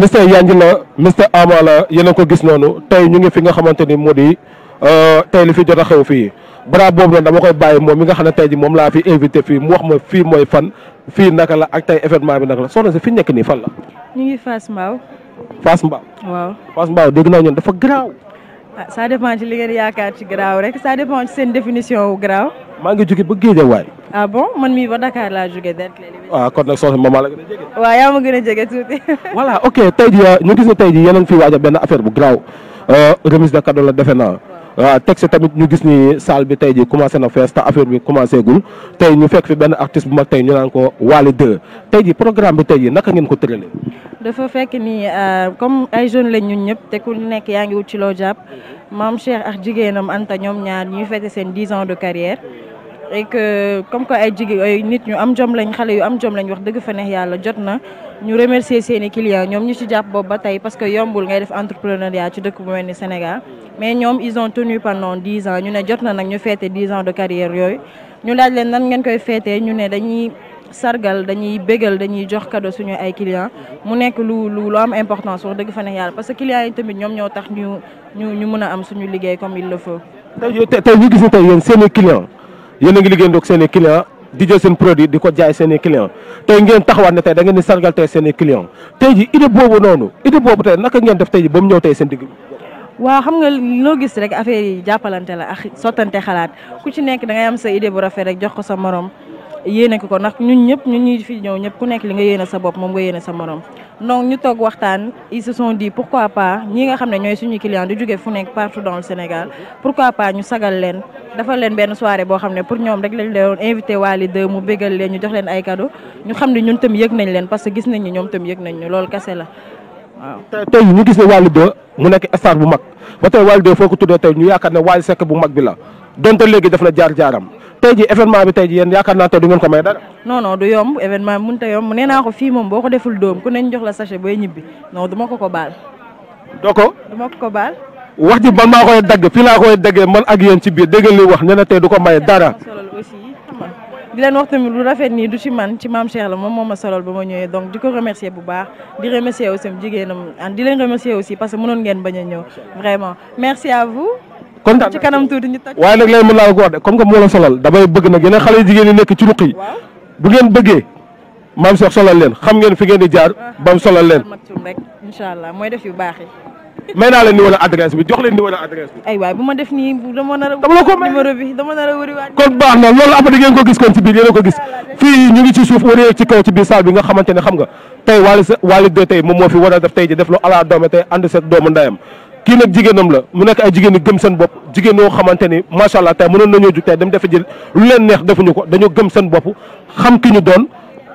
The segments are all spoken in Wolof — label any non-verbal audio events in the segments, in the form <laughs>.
mister Yanji la mister Ama la yéen ko gis noonu tey ñu ngi fi nga xamante ni moo di euh, tey li fi jot a xew fii bara boobu nag dama koy bàyyi moom mi nga xam ne tey ji moom laa fi invité fii mu wax ma fii mooy fan fii naka la ak tey événement bi naka la soxna si fi nekk nii fan la. ñu ngi Fass Mbao. Fass Mbao. dégg naa ñun dafa garaaw. Ah, ça dépend ci li ngeen yaakaar ci garaaw rek ça dépend ci seen définition wu garaaw. maa ngi jóge ba Guédiawaye. ah bon man mii ba Dakar laa jóge ah kon nag soxna maman la gën a jege. waaw yaa ma gën a jege tuuti. <laughs> voilà ok tey jii ah, ñu gis ne tey jii yéen a ngi fi waaj benn affaire bu garaaw euh, remise de cadeau la defe naa. teg si tamit ñu gis ni salle bi tey ji commencé na fees te affaire bi commencé gul tey ñu fekk fi benn artiste bu mag tey ñu naan ko Wally 2 tey ji programme bi tey ji naka ngeen ko tëralee. dafa fekk ni euh, comme ay jeunes lañ ñun ñëpp te ku nekk yaa ngi wut ci loo jàpp maam Cheikh ak jigéenam Anta ñoom ñaar ñu fête seen dix ans de carrière. et que comme que ay jigéen ay nit ñu am jom lañ xale yu am jom lañ wax dëgg fa yàlla jot na ñu remercier seeni i ñoom ñu ci jàpp boobu ba tey parce que yombul ngay def entrepreneuriat ci dëkk bu mel ni Sénégal mais ñoom ils ont tenu pendant dix ans ñu ne jot na nag ñu feete dix ans de carrière yooyu ñu laaj leen nan ngeen koy féetee ñu ne dañuy sargal dañuy bégal dañuy jox cadeau suñu ay clients mu nekk lu lu lu am importance wax dëgg fa yàlla parce que clients yi tamit ñoom ñoo ñu ñu ñu mën a am suñu liggéey comme il le faut. tey tey ñu gis tey yéen yéen a ngi liggéeyandoog seen i client di jël seen produit di ko jaay seen i client tey ngeen taxawaat ne tey da ngeen di sargal tey seen i client tey ji idée boobu noonu idée boobu tey naka ngeen def tey ji ba mu ñëw tey seen digg waaw xam nga loo gis rek affaire yi jàppalante la ak sottante xalaat ku ci nekk da ngay am sa idée bu rafet rek jox ko sa morom yéene ko ko ndax ñun ñëpp ñu ñuy fi ñëw ñëpp ku nekk li nga yéene sa bopp moom nga yéene sa morom donc ñu toog waxtaan ils se sont dit pourquoi pas ñi nga xam ne ñooy suñu client di jóge fu nekk partout dans le Sénégal pourquoi pas ñu sagal leen defal leen benn soirée boo xam ne pour ñoom rek lañ leen invité Wally 2 mu bégal leen ñu jox leen ay cadeau ñu xam ne ñun tam yëg nañ leen parce que gis nañ ñu ñoom tam yëg nañ ñu loolu kese la waaw tey ñu gis ne Wally 2 mu nekk star bu mag ba tey Wally 2 foo ñu yaakaar ne Wally Seck bu mag bi la donte léegi daf na jaar-jaaram tey ji événement bi tey ji yéen yaakaar naa tey du ngeen ko may dara non non du yomb événement bi mënut a yomb ko fii moom boo ko deful doom ku neñ jox la sachet booy ñibbi non du ma ko ko baal doo ko du ma ko ko wax ji man maa koy dagg fii laa koy daggee man ak yéen ci biir dégg li wax nee na tey du ko may dara di leen wax tamit lu rafet nii du ci man ci maam Cheikh la moom moo a solal ba ma ñëwee donc di ko remercier bu baax di remercier aussi jigéenam di leen remercier aussi parce que mënoon ngeen bañ a ñëw vraiment merci kon ci kanam tuuti ñu toj waaye nag léegi mën naa la ko wax de comme que moo la solal damay ngeen fi ngeen di jaar ah. bam solal leen incha allah mooy def yu baax yi <laughs> may naa leen numéro jox leen numéro adresse a dama la ko may loolu après ngeen ko gis kon ci biir yéen a ko gis fii ñu ngi ci suuf wëree ci kaw ci biir salle bi nga xamante ne xam nga tey Wally Seck Wally 2 tey moom moo fi war a def tey ji def lu ala doome tey ànd seet doomu ndayam kii nag jigéenam la mu nekk ay jigéen yu gëm seen bopp jigéen yoo xamante ni macha allah tey mënoon nañoo jug tey dem defe jël lu leen neex defuñu ko dañoo gëm seen bopp xam ki ñu doon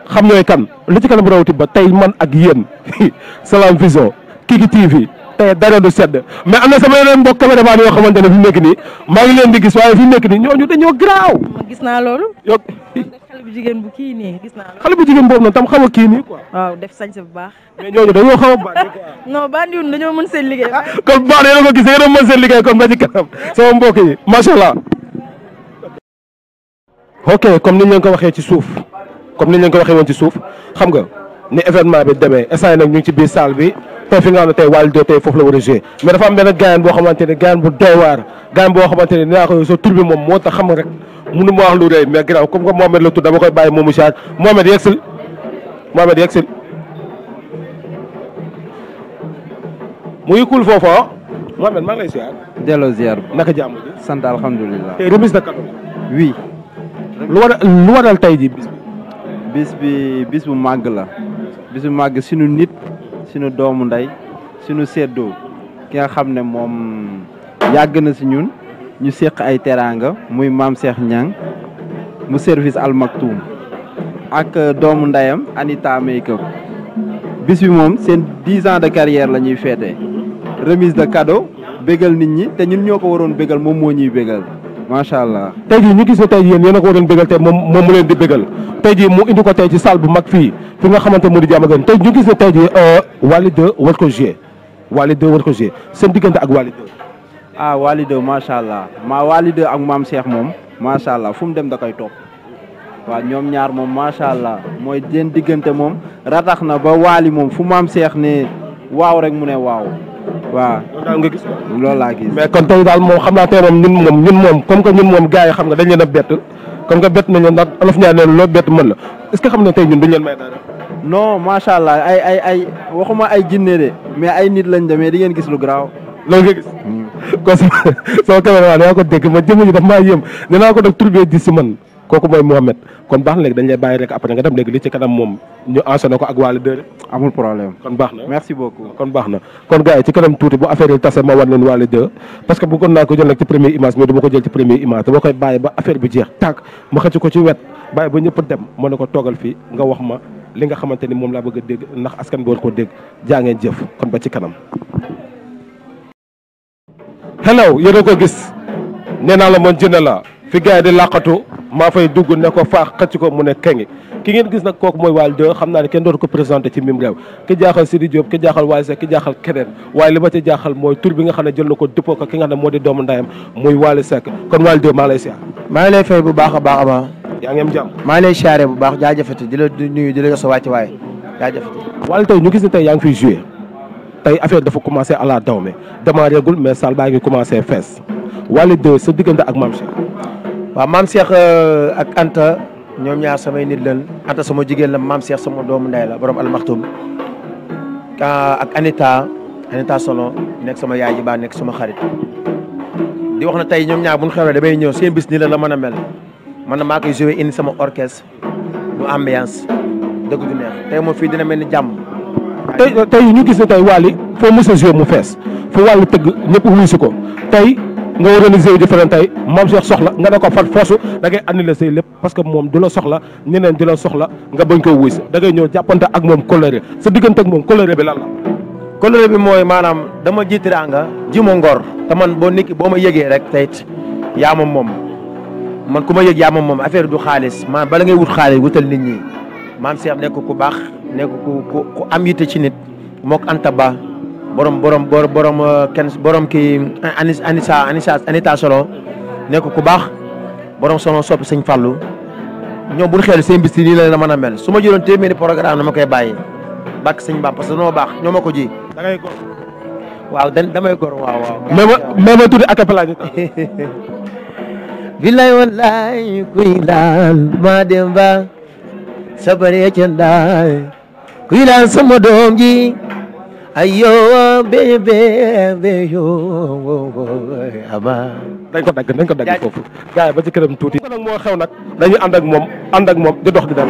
xam ñooy kan lu ci kanam rawati ba tey man ak yéen <laughs> Salam Vision Kiki TV tey dara du sedd mais am na sama yeneen mbokk caméraman yoo xamante ne fi mu nekk nii maa ngi leen di gis waaye fi nekk nii ñooñu dañoo garaaw. gis naa loolu. <laughs> bu jigéen bu kii nii gis naa xale bu jigéen boobu noonu tam xaw a kii nii waaw def sañ bu baax. mais ñooñu dañoo xaw a baax. non bandiwul dañoo mën seen liggéey. kon baax na yéen a ko gis yéen a mën seen liggéey kon ba ci kanam sama mbokk yi ko waxee ci suuf comme niñ leen ko waxee woon ci suuf xam nga ni événement bi demee instant nag ñu ci biir salle bi. tey fi nga xam ne tey Wally Do tey foofu la war a joué mais dafa am benn gaayan boo xamante ne gaayan bu doy waar gaayan boo xamante ne dinaa ko sa tur bi moom moo tax xam rek mënu ma wax lu rëy mais ginnaaw comme que Mohamed la tudd dama koy bàyyi moomu charge Mohamed yegsil Mohamed yegsil mu ngi kul foofu ah. Mohamed maa lay ziar. delloo ziar ba jàmm sant alhamdulilah. tey remise lu war lu waral tey ji bis bi. bis bu màgg la. bis bu màgg suñu nit. suñu doomu ndey. suñu seddoo. ki xam ne moom yàgg na si ñun. ñu séq ay teraanga muy maam Cheikh Niang mu service Al Maktoum ak euh, doomu ndeyam Anita Makeup bis bi moom seen dix ans de carrière la ñuy féete remise de cadeau bégal nit ñi te ñun ñoo ko waroon bégal moom moo ñuy bégal macha allah. tey jii ñu gis ne tey yéen yéen a ko waroon bégal te moom moom mu leen di bégal tey jii mu indi ko tey ci salle bu mag fii fi nga xamante moo di Diamaguène tey ñu gis ne tey jii euh, Wally 2 war ko jouer Wally 2 war ko jouer seen diggante ak Wally ah Walido macha allah ma Walido ak maam Cheikh moom macha allah fu mu dem da koy topp waaw ñoom ñaar moom macha allah mooy seen diggante moom ratax na ba waali moom fu maam Cheikh ne waaw rek mu ne waaw. waa loolu nga gis loolu laa gis. mais kon tey daal moom xam naa tey moom ñun moom ñun moom comme que ñun moom gars yi xam nga dañ leen na bett comme que bett nañ leen ndax olof ñaar leen loo bett mën la est que xam ne tey ñun duñ leen may dara. non macha allah ay ay ay waxuma ay jinne de mais ay nit lañ demee di gis lu garaaw. kon sama caméraman yaa ko dégg ma jëmm ji daf maa yëm nee naa ko nag tur bee gis si man kooku mooy Mouhamed kon baax na léegi dañ lay bàyyi rek après nga dem léegi li ci kanam moom ñu enchaîné ko ak wàllu dër. amul problème kon baax na merci beaucoup kon baax ci kanam tuuti bu affaire yi tase ma wan leen wàllu dër parce que bëggoon naa ko jël nag ci première image ko jël ci première image dama koy bàyyi ba affaire bi jeex tàkk ma xëcc ko ci wet bàyyi ba ñëpp dem ma ne ko toogal fii nga wax ma li nga xamante ni moom laa bëgg a dégg ndax askan bi war koo dégg jaa ngeen jëf kon ba hello yéen a ko gis nee naa la man jinne la fi gars yi di làqatu maa fay dugg ne ko faax xëcc ko mu ne kengi ki ngeen gis na kook mooy Wally Deux xam naa ne kenn dootu ko présenté ci mim réew ki jaaxal Sidi Diop ki jaaxal Wally Seck ki jaaxal keneen waaye li ma ci jaaxal mooy tur bi nga xam ne jël na ko dëppoo ko ki nga xam ne moo di doomu ndayam muy Wally Seck kon Wally Deux maa lay siyaar maa bu baax a baax a baax yaa ngi am jàmm maa ngi bu baax jaajëfati di la nuyu di la jox sa wàcc waaye tey ñu gis ne tey tey affaire dafa commencé à la daw me démarré gul mais salle ngi commencé fees walla 2 sa diggante ak Mame Cheikh. waaw Mame Cheikh euh, ak Anta ñoom ñaar samay nit lan Anta sama jigéen la Mame Cheikh sama doomu ndey la borom almaxtum ak Anita Anita Solon nekk sama yaay ji baa nekk sama xarit di wax na tey ñoom ñaar bu ñu xewlee damay ñëw seen bis nii la la mën a mel man a koy joué indi sama orchestre bu ambiance dëgg du neex moom fii dina mel ni jàmm. tey tey ñu gis ne tey Wally foo mos a joué mu fees fu Wally tëgg ñëpp wuyu si ko tey nga organisé wu di feneen tey moom Cheikh soxla nga ne ko fat foosu da ngay annulé say lépp parce que moom du la soxla ñeneen di la soxla nga bañ koo wuy si da ngay ñëw jàppante ak moom coloré sa diggante ak moom coloré bi lan la. coloré bi mooy maanaam dama ji teraanga ji ma ngor te man boo nekki boo ma yëgee rek tey it yaa ma moom man ku ma yëg yaa moom affaire du xaalis maanaam bala ngay wut xaalis wutal nit ñi maam Cheikh nekk ku baax. nekk ku ku am yitte ci nit mook Anta Ba borom borom borom euh, kenn borom ki anis anisa anisa anita ku baax borom sono soppi sëñ Fallou ñoom bu ñu xeel seen bis la la mën a mel su ma jëloon téeméeri programme dama koy bàyyi bàkk sëñ Ba parce que dama baax ñoo ma ko ji. da ngay góor waaw da damay góor waaw waaw. mais ma mais ma tudd acapella ji. <laughs> billaay wallaay kuy sabari ca ndaay wilaan sama doom ji ayo bébé béyo ama dañ ko dagg dañ ko dagg foofu gars yi ba ci këram tuuti nag moo xew nag dañu ànd ak moom ànd ak moom di dox di dem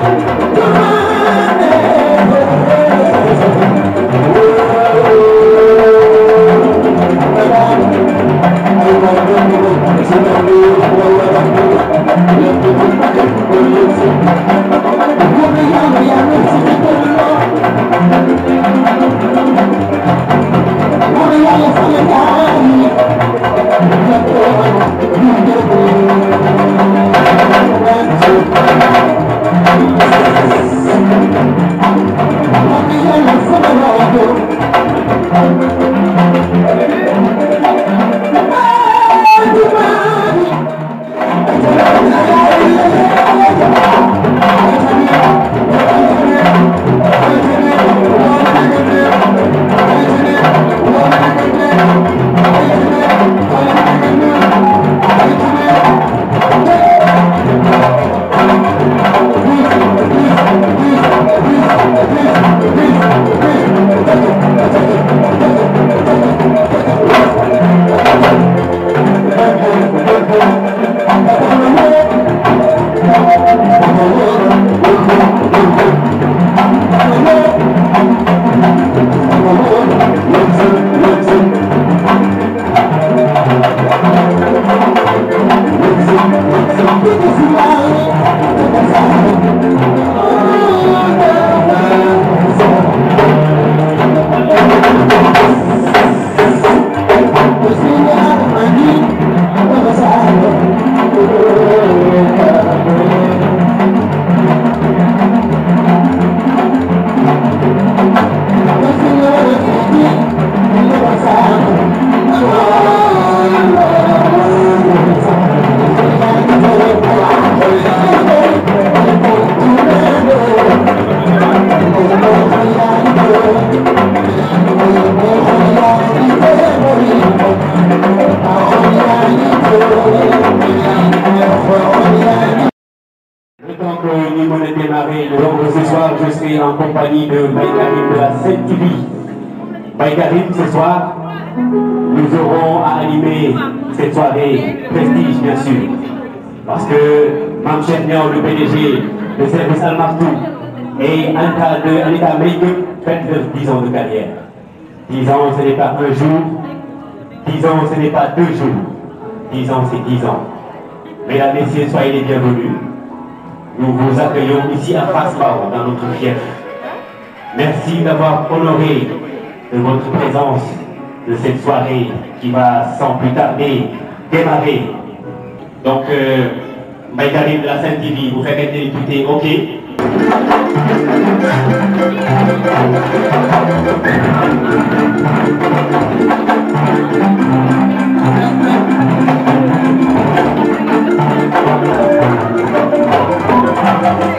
Thank you. PDG de service Al Maktoum et Anta de Anita Meyguem, 29 10 ans de carrière. 10 ce n'est pas un jour. 10 ce n'est pas deux jours. 10 ans, c'est 10 ans. Mesdames, et Messieurs, soyez les bienvenus. Nous vous accueillons ici à Fasbao, dans notre fief. Merci d'avoir honoré de votre présence de cette soirée qui va sans plus tarder démarrer. Donc, euh, Mbaye Karim de la Sen TV bu fekkee ne député ok.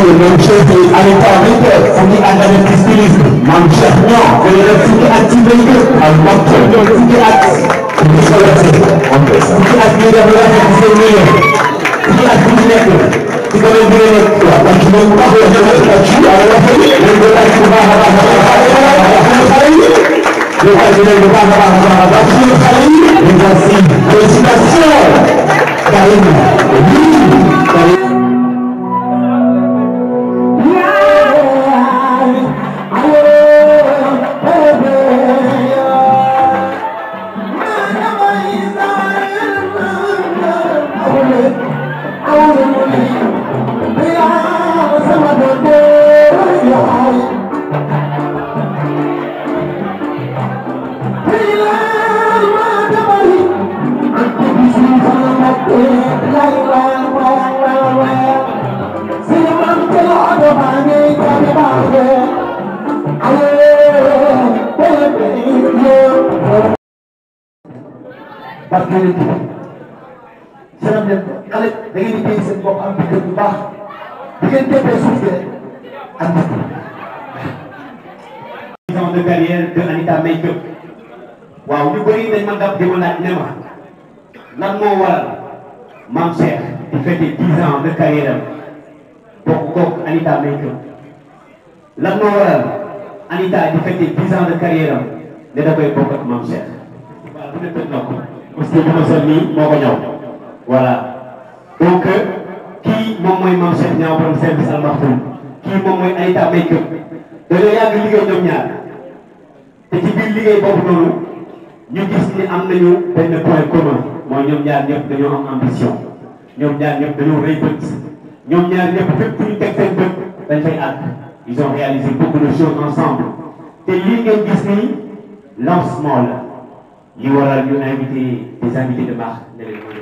ne même chose yi arrêté on dit ak spiritisme maam Cheikh ñoo dañu def fukki at ci mbéy mi ak mbokk fukki at ñu solace fukki at ñu def la ci seen milieu fukki at ñu nekk ci ko leen bëgg nekk waaw parce que moom wax la ñu nekk ci waaw wax la ñu ko laaj bu baax a baax a baax xale yi ñu ko laaj bu baax a baax a baax suñu xale yi ñu ko si félicitation Karim lan moo waral maam Cheikh di fête dix ans de carrière bokk kook Anita Mbengue lan moo waral Anita di fête dix ans de carrière ne da koy bokk ak maam Cheikh. waaw bu ne tëj na ko parce que bu ma seet nii moo ko ñëw voilà donc kii moom mooy maam Cheikh ñaaw borom service al maxtum kii moom mooy Anita Mbengue dañoo yàgg liggéey ñoom ñaar te ci biir liggéey boobu noonu ñu gis ni am nañu benn point commun. mooy ñoom ñaar ñëpp dañoo am ambition ñoom ñaar ñëpp dañoo rëy bët ñoom ñaar ñëpp fépp fu ñu teg seen bët dañ fay àgg ils ont réalisé beaucoup de choses ensemble te lii ngeen gis nii lancement la li waral ñu invité des invités de marque ne leen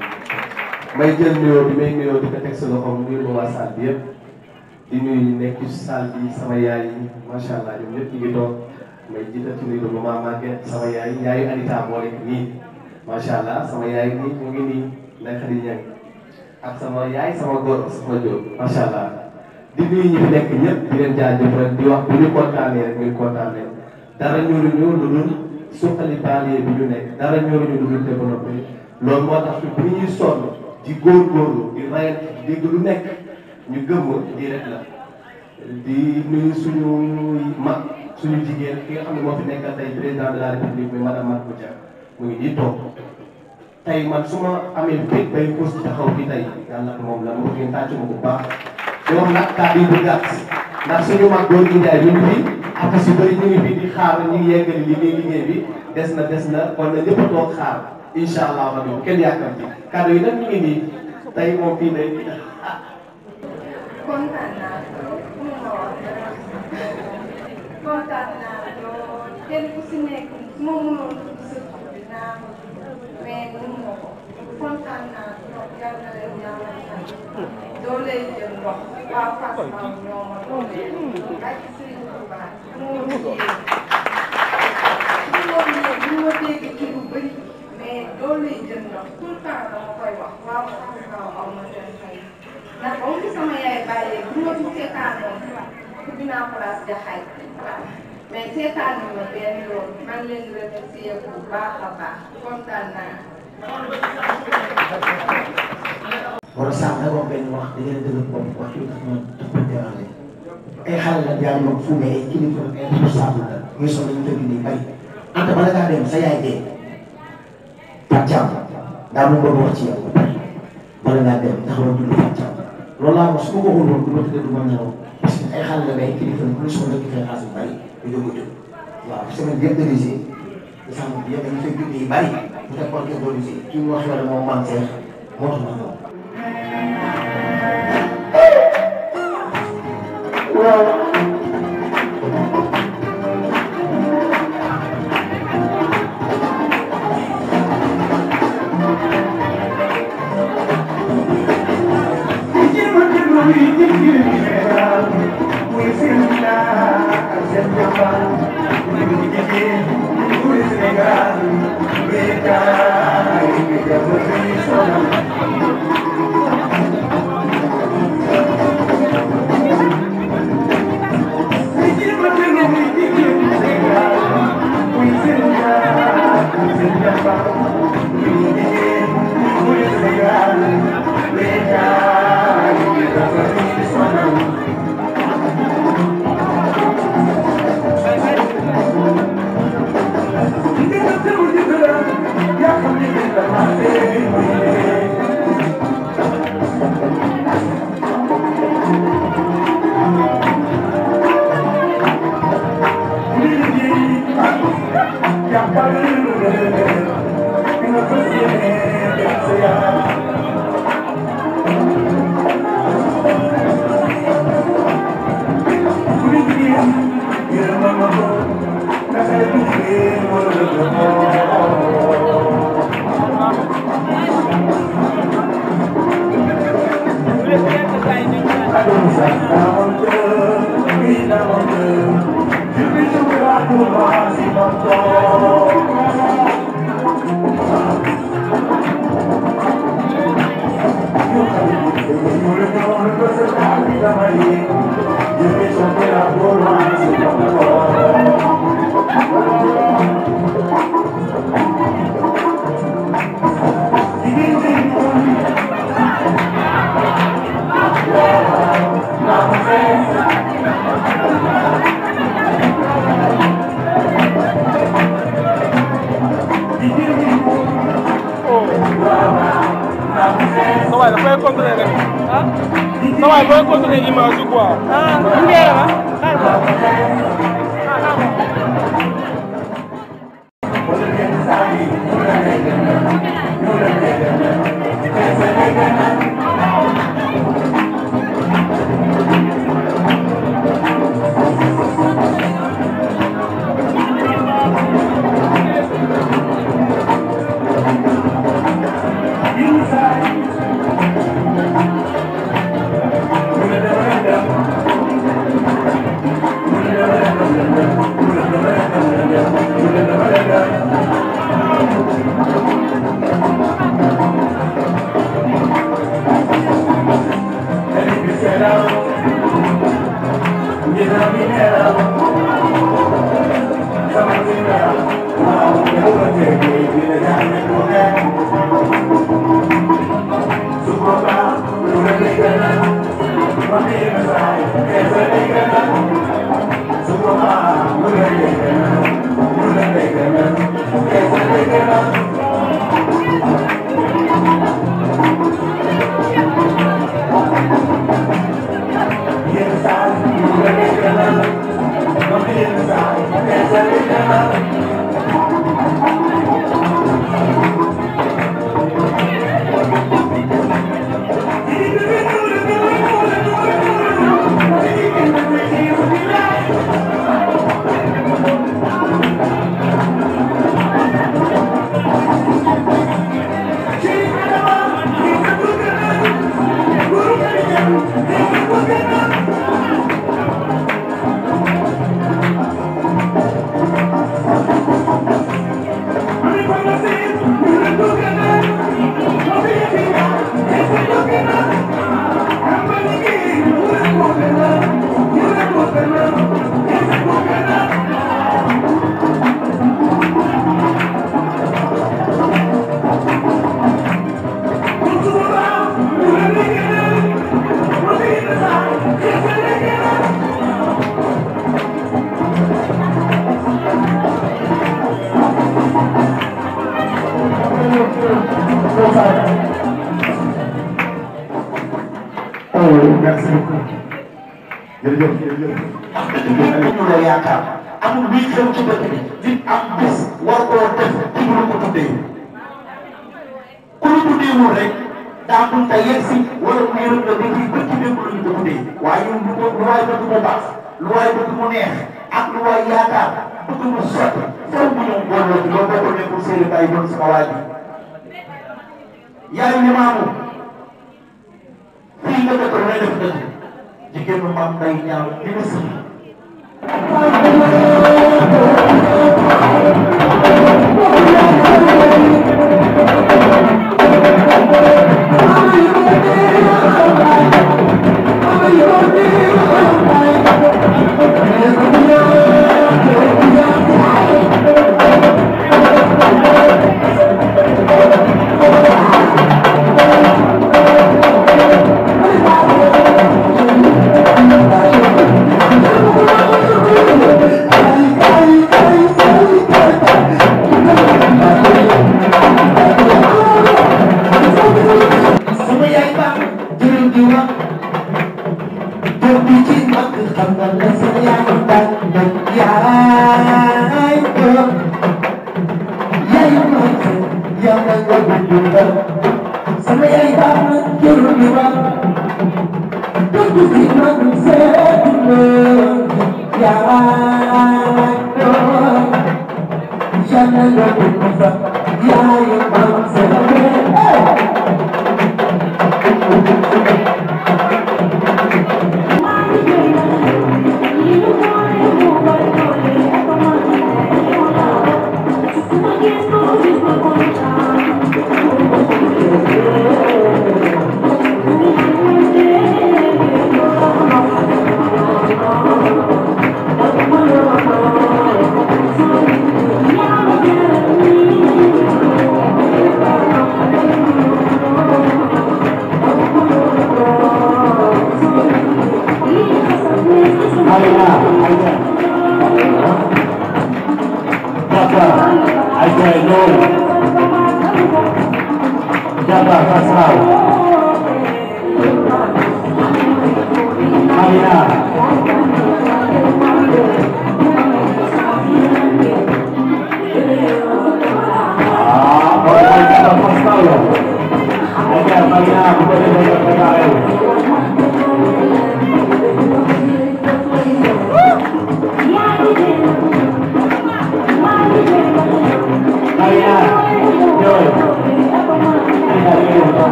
may jël nuyoo bi may nuyoo di ko teg sa loxo nuyu ma waa salle bi yëpp di nuyu ñu nekk ci salle bi sama yaay yi macha allah ñoom ñëpp ñu ngi toog may jiital ci nuyu ma maam Maguette sama yaay yaayu Anita moo nekk nii. macha allah sama yaay nii mu ngi nii nekk di ñëw ak sama yaay sama góor sama jóg allah di nuyu ñi fi nekk ñëpp di leen rek di wax bu ñu kontaanee rek muy kontaanee dara ñooruñu lu dul suqali banlieue bi ñu nekk dara ñooruñu lu dul développé loolu moo tax bu ñuy sonn di góorgóorlu di rayal dégg lu nekk ñu gëm di la di nuyu suñu mag suñu jigéen ki nga xam ne moo fi nekkal tey président de la mu ngi nii toog man su ma amee bay ko ci taxaw bi tey yàlla moom la ma ngeen tàcc ma bu baax. di wax nag kàddu yi bu gàtt ndax suñu mag góor gi Njaay ñu ngi fi ak su bëri ñu ngi fi di xaar ñu ngi bi des na des na kon na ñëpp a xaar incha allah rabi kenn yaakaar ci kàddu yi nag ñu ngi nii tey moom naam mais mënuma ko kontaan naa trop yàlla na leen yàlla doo leen jël ndox waa Fass Maw ñoo ma doo leen ak Serigne Touba moo yéen ñu ma dégg kii bu bëri mais doo leen jël ndox tout le temps dama koy wax waa Fass Maw aw ma seen fay ndax ba mu sama yaay bàyyee bu ma fi seetaanoon dinaa place jaxaay mais seetaan ma benn yoon maa ngi leen di remercier bu baax a baax kontaan naa. wala sax nga wax benn wax da ngeen dëgër bopp wax dëgg moom dafa déranger ay xale la yaa ngi fu mais kilifa ay responsable la muy sonn ñu dëgg nii bari anta bala ngaa dem sa yaay dee Pape Thiam daa mu bëgg wax ci yow ba pare bala ngaa dem ndax loolu dund Pape Thiam loolu laa wax su ma ko waxoon woon du ma tëdd du ma nelaw parce que ay xale la mais kilifa la ku ne sonn dëgg fay xaalis bu bari ñu ko jóg waaw semaine yëpp dañuy si sax bi yëpp dañu fay bind yu bari bu fekkoon kenn doon si kii wax la moom man seex moo tax ma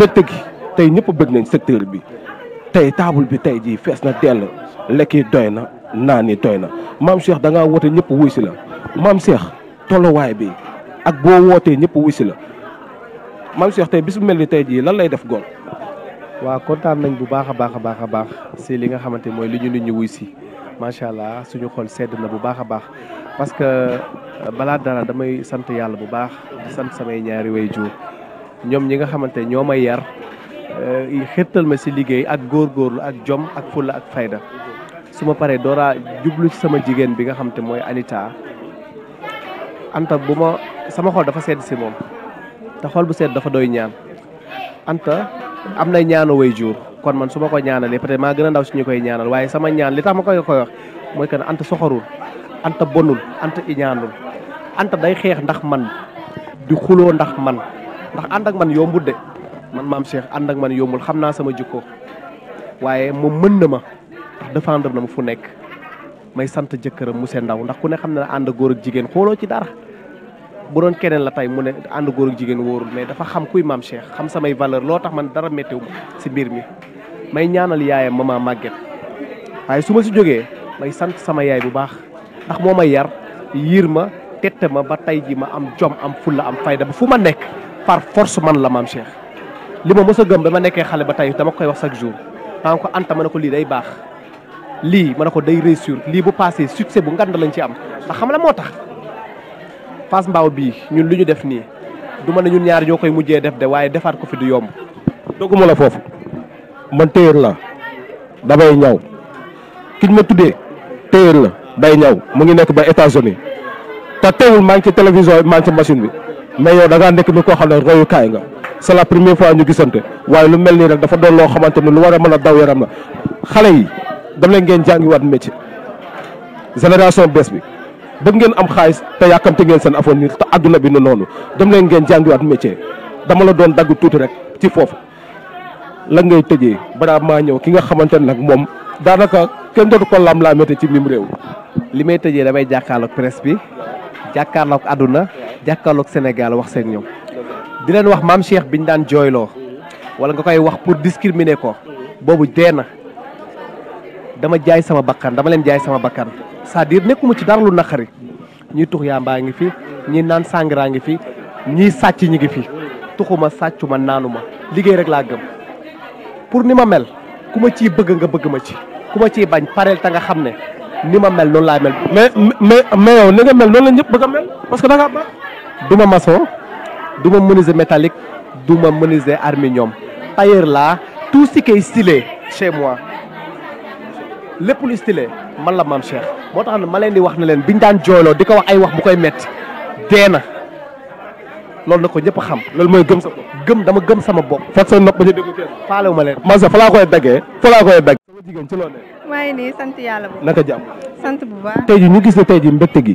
mbégte gi tey ñëpp bëgg nañ secteur bi tey taabul bi tey jii fees na dell lekk yi doy na naan yi doy na maam seex da ngaa woote ñëpp wuy si la maam seex tolluwaay bi ak boo wootee ñëpp wuy si la maam Cheikh tey bis bu mel ni tey jii lan lay def góor. waaw kontaan nañ bu baax a baax a baax a baax si li nga xamante mooy lu ñu nit ñi wuy si macha allah suñu xol sedd na bu baax a baax parce que balaa dara damay sant yàlla bu baax di sant samay ñaari way jur ñoom ñi nga xamante ne ñoo may yar euh, xettal ma si liggéey ak góor góorlu ak jom ak fulla ak fayda su ma paree dooraa jublu ci sama jigéen bi nga xam te mooy Anita Anta bu ma sama xol dafa sedd si moom te xol bu sedd dafa doy ñaan Anta am na ñaanu way jur kon man su ma ko ñaanalee peut-être maa gën a ndaw si ñu koy ñaanal waaye sama ñaan li tax ma koy koy mooy que ne Anta soxorul Anta bonul Anta iñaanul Anta day xeex ndax man di xuloo ndax man ndax ànd ak man yombul de man maam Cheikh ànd ak man yombul xam naa sama jikko waaye moom mën na ma ndax défendre na ma fu nekk may sant jëkkëram monsieur Ndaw ndax ku ne xam ne ànd góor ak jigéen xooloo ci dara bu doon keneen la tey mu ne ànd góor ak wóorul mais dafa xam kuy maam Cheikh xam samay valeur loo tax man dara méttiwu si mbir mi may ñaanal yaayam ma maa màgget waaye su ma si jógee may sant sama yaay bu baax ndax moo may yar yiir ma tette ma ba tey ji ma am jom am fulla am fayda ba fu ma par force man la maam Cheikh li ma mos gëm ba ma nekkee xale ba tey dama koy wax chaque jour maa ngi ko anta ma ne ko lii day baax lii ma ne ko day réussir lii bu paasee succès bu ngand lañ ci am ndax xam la moo tax Fass Mbao bii ñun lu ñu def nii du ma ne ñu ñaar ñoo koy mujjee def de waaye defaat ko fi du yomb dogguma la foofu man téyër la damay ñaw kiñ ma tuddee téyër la day ñaw mu ngi nekk ba États-Unis te teewul maa ngi ci télévision maa ngi machine bi mais yow da ngaa nekk koo xam ne royukaay nga c'est la première fois ñu gisante waaye lu mel nii nag dafa doon loo xamante ni lu war a man a daw yaram la xale yi dem leen ngeen jàngiwaat métier génération bees bi bëgg ngeen am xaalis te yàkkamte ngeen seen avenir te adduna bi nu noonu dem leen ngeen jàngiwaat métier dama la doon dagg tuuti rek ci foofu la ngay tëjee balaa maa ñëw ki nga xamante ne nag moom daanaka kenn dootu ko lam laa mété ci mim réew li may tëjee damay jàkkaarloog presse bi jàkkaarloog àdduna jàkkaarloog Sénégal wax seen ñoom di leen wax maam bi biñ daan jooyloo wala nga koy wax pour discriminer ko boobu dee na dama jaay sama bakkan dama leen jaay sama bakkan cest à nekkuma ci dara lu naqari ñii tux yàmbaa ngi fi ñii naan sàngaraa ngi fi ñii sàcc ñi ngi fi tuxuma sàccuma naanuma liggéey rek laa gëm pour ni ma mel ku ci ciy bëgg nga bëgg ma ci ku ci bañ pareel ta nga xam ne ni ma mel noonu laa mel. mais mais mais yow mel noonu la ñëpp bëgg a mel parce que da ngaa du ma maçon du ma menuisier métallique du ma menuisier aluminium tailleur laa tout si qui est stylé chez moi lépp lu stylé man la maam Cheikh. moo tax ne ma leen di wax na leen biñ daan jooyloo di ko wax ay wax bu koy metti dee na loolu na ko ñëpp xam loolu mooy gëm sa bopp gëm dama gëm sama bopp. fat seen nopp ba ca déglu kenn faalewu ma leen. man sax laa koy daggee fa laa koy daggee. sama ci loolu maa ngi nii sant yàlla bu naka jàmm. sant bu baax tey jii ñu gis ne tey jii mbégte gi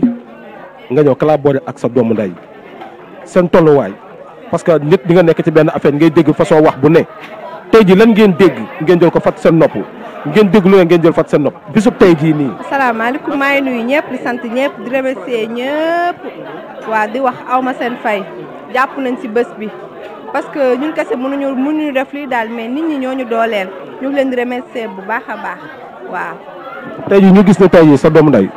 nga ñëw collaborer ak sa doomu ndey seen tolluwaay parce que nit di nga nekke ci benn affaire ngay dégg façon wax bu ne tey jii lan ngeen dégg ngeen jël ko fat seen nopp ngeen dégg lu ne ngeen jël fat seen nopp bisub tey jii nii. asalaamaaleykum maa ngi nuyu ñëpp di sant ñëpp di remercier ñëpp waa di wax aw ma seen fay jàpp nañ si bés bi. parce que ñun kese mënuñu mënuñu def lii daal mais nit ñi ñoo ñu dooleel ñu leen di remercier bu baax a baax. waaw. tey jii ñu gis ne tey jii sa doomu nday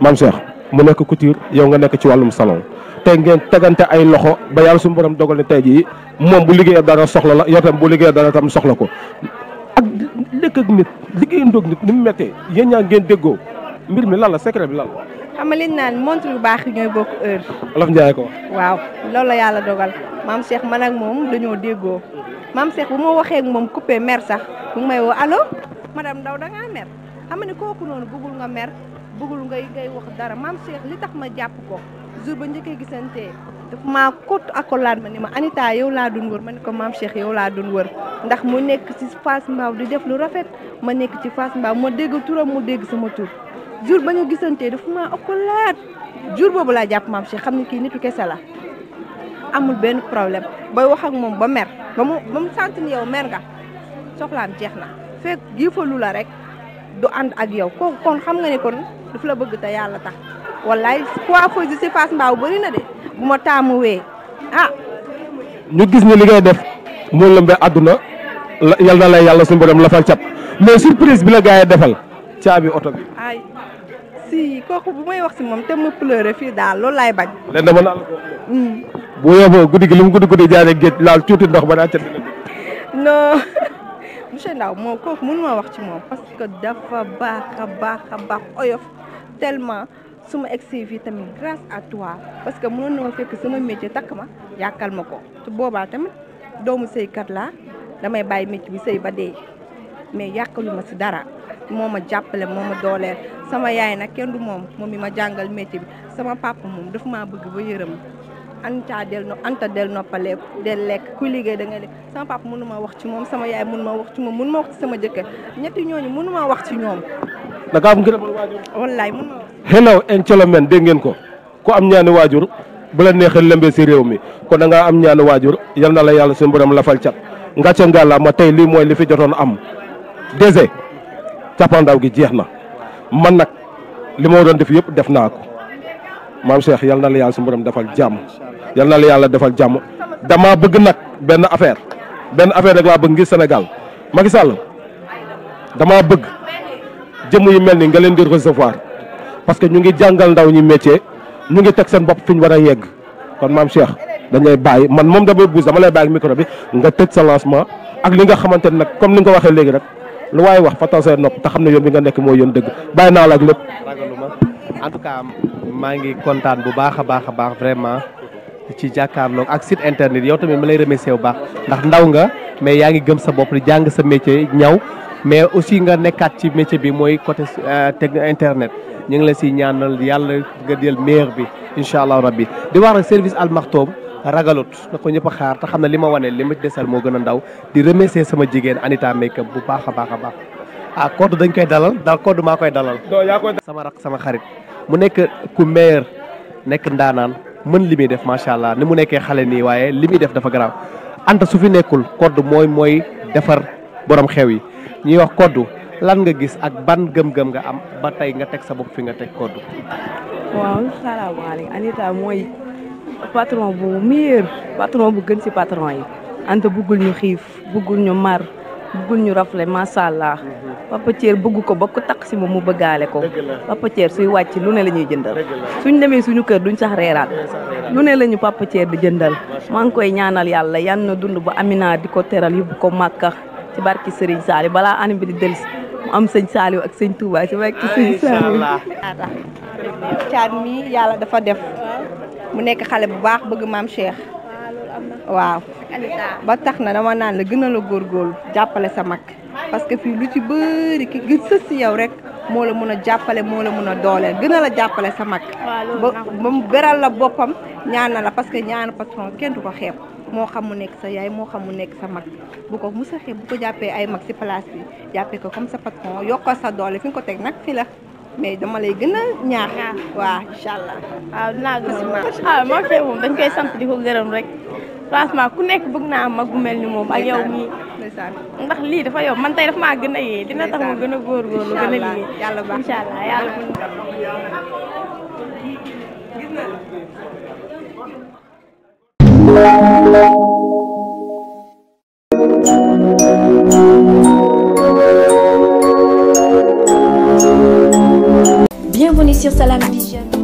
maam Cheikh mu nekk couture yow nga nekk ci wàllum salon te ngeen tegante ay loxo ba yàlla suñu borom dogal ne tey jii moom bu liggéeyee dara soxla la yow tam bu liggéeyee dara tam soxla ko ak lekk ak nit liggéeyandoo ak nit ni mu méttee yéen ñaa ngeen déggoo mbir mi lan la secret bi lan la. xam li ñu naan montre yu baax yi ñooy bokk heure. Olof Ndiaye ko waaw loolu yàlla dogal maam Cheikh man ak moom dañoo déggoo maam madame Ndaw da ngaa mer xam koo kooku noonu bëggul nga mer bëggul ngay ngay wax dara maam Cheikh li tax ma jàpp ko jour ba njëkkee gisantee daf maa kott akolaat ma ni ma Anita yow laa doon wër ma ne ko laa doon wër ndax mu nekk ci Fass Mbao di def rafet ma nekk ci Fass Mbao ma dégg turam mu dégg sama jour ba ñu gisantee dafa maa akolaat jur boobu laa jàpp maam Cheikh xam ne kii nitu kese la amul benn problème ba wax ak moom ba mer ba mu ba mu sant yow mer nga soxlaam jeex na fekk jiifalu la rek du ànd ak yow ko kon xam nga ne kon daf la bëgg te yàlla tax wallaay coiffeuse si Fass Mbao bëri na de bu ma taamuwee ah. ñu gis ni li ngay def moo lëmbe àdduna la yal na lay yàlla suñu borom la fal cap mais surprise bi la gars defal caabi oto bi. ay si kooku bu may wax si moom te ma pleurer fii daal loolu laay bañ. lenn naa la ko hmm. bu yóbboo guddi gi lu mu guddi guddi jaaree géej laal tuuti ndox ba daa ca. <laughs> monsieur Ndao moom kooku mun wax ci moom parce que dafa baax a baax a baax oyof tellement su ma egsi fii tamit grâce à parce que mënoon na ma fekk sama métier takk ma yàkkal ma ko te boobaa tamit doomu sëykat laa damay bàyyi métier bi sëy ba dee mais yàkkalu si dara moo ma jàppale moom ma dooleel sama yaay nag kenn du moom moom mi ma jàngal métier bi sama papa moom dafa maa bëgg ba yërëm anta del no anta del noppaleeku del lekk kuy liggéey da ngay lekk sama papa mënu wax ci moom sama yaay mënu ma wax ci moom mënu ma wax ci sama jëkkër ñetti ñooñu mënu ma wax ci ñoom. da ngaa am gën a mën waajur. wallaay en colomen dégg ngeen ko ku am ñaani waajur bu la neexee lembee si réew mi kon danga am ñaani waajur yal na la yàlla suñu borom lafal cat nga ca ngàlla tey lii mooy li fi jotoon am dese cappaandaw gi jeex na man nag li ma doon def yëpp def naa ko maam Cheikh yal na la yàlla suñu borom dafal jàmm. yal na la yàlla defal jàmm damaa bëgg nag benn affaire benn affaire rek bëgg ngir Sénégal Macky Sall damaa bëgg jëmm yu mel ni nga leen di recevoir parce que ñu ngi jàngal ndaw ñi métier ñu ngi teg seen bopp fi ñu war a yegg kon maam Cheikh dañ lay bàyyi man moom damay buus dama lay bàyyi ak micro bi nga tëj sa lancement ak li nga xamante ne nag comme ni nga ko waxee léegi rek lu waaye wax fa taw say nopp te xam ne yoon bi nga nekk mooy yoon dëgg bàyyi naa la lépp. ragaluma en tout maa ngi kontaan bu baax a baax a baax vraiment. ci jàkkaarloog ak site internet yow tamit ma lay remercier bu baax ndax ndaw nga mais yaa ngi gëm sa bopp di jàng sa métier ñaw mais aussi nga nekkaat ci métier bi mooy côté euh, teg internet ñu ngi la siy ñaanal yàlla nga jël maire bi incha allah rabbi di wax nag service Al Maktoum ragalut na ko ñëpp xaar te xam ne li ma wane li ma desal moo gën a ndaw di remercier sama jigéen Anita Makeup bu baax a baax a baax ah Codou dañ koy dalal daal Codou maa koy dalal. sama rak sama xarit mu nekk ku meilleur nekk ndaanaan. mën li muy def macha allah ni mu nekkee xale nii waaye li muy def dafa garaaw anta su fi nekkul kodd mooy mooy defar boroom xew yi ñuy wax kodd lan nga gis ak ban gëm-gëm nga am ba tey nga teg sa bopp fi nga teg kodd waaw salaamaaleykum Anita mooy patron bu meilleur patron bu gën si patron yi anta buggul ñu xiif buggul ñu mar bëggul ñu rafle macha allah Papa Thier bëgg ko ba ko takk si moom mu bëggaale ko Papa Thier suy wàcc lu ne la ñuy jëndal suñ demee suñu kër duñ sax reeraat lu ne la ñu Papa Thier di jëndal maa ngi koy ñaanal yàlla yan na dund ba Amina di ko teral yóbbu ko Màkka ci barki sëriñ Saliou balaa année bi di dellusi mu am sëñ Saliou ak sëñ Touba ci barki sëñ Saliou caat mi yàlla dafa def mu nekk xale bu baax bëgg maam Cheikh waaw ba tax na dama naan la gën a la góorgóorlu jàppale sa mag parce que fii lu ci bëri ki gën si yow rek moo la mën a jàppale moo la mën a dooleel gën a la jàppale sa mag ba ba mu beral la boppam ñaan na la parce que ñaan patron kenn du ko xeeb moo xam mu nekk sa yaay moo xam mu nekk sa mag bu ko musa xeeb bu ko jàppee ay mag si place bi jàppee ko comme sa patron yokkal sa doole fi nga ko teg nag fi la mais dama lay gën a ñaax. waaw incha allah. waaw dinaa gën si ah, ma. fee moom dañ koy sant di ko gërëm rek franchement ku nekk bëgg naa am bu mel ni moom ak yow mii. ndax lii dafa yow man tey dafa maa gën a yee dina tax ma gën a góorgóorlu gën a liggéey. yàlla baax incha sur Salam Vision.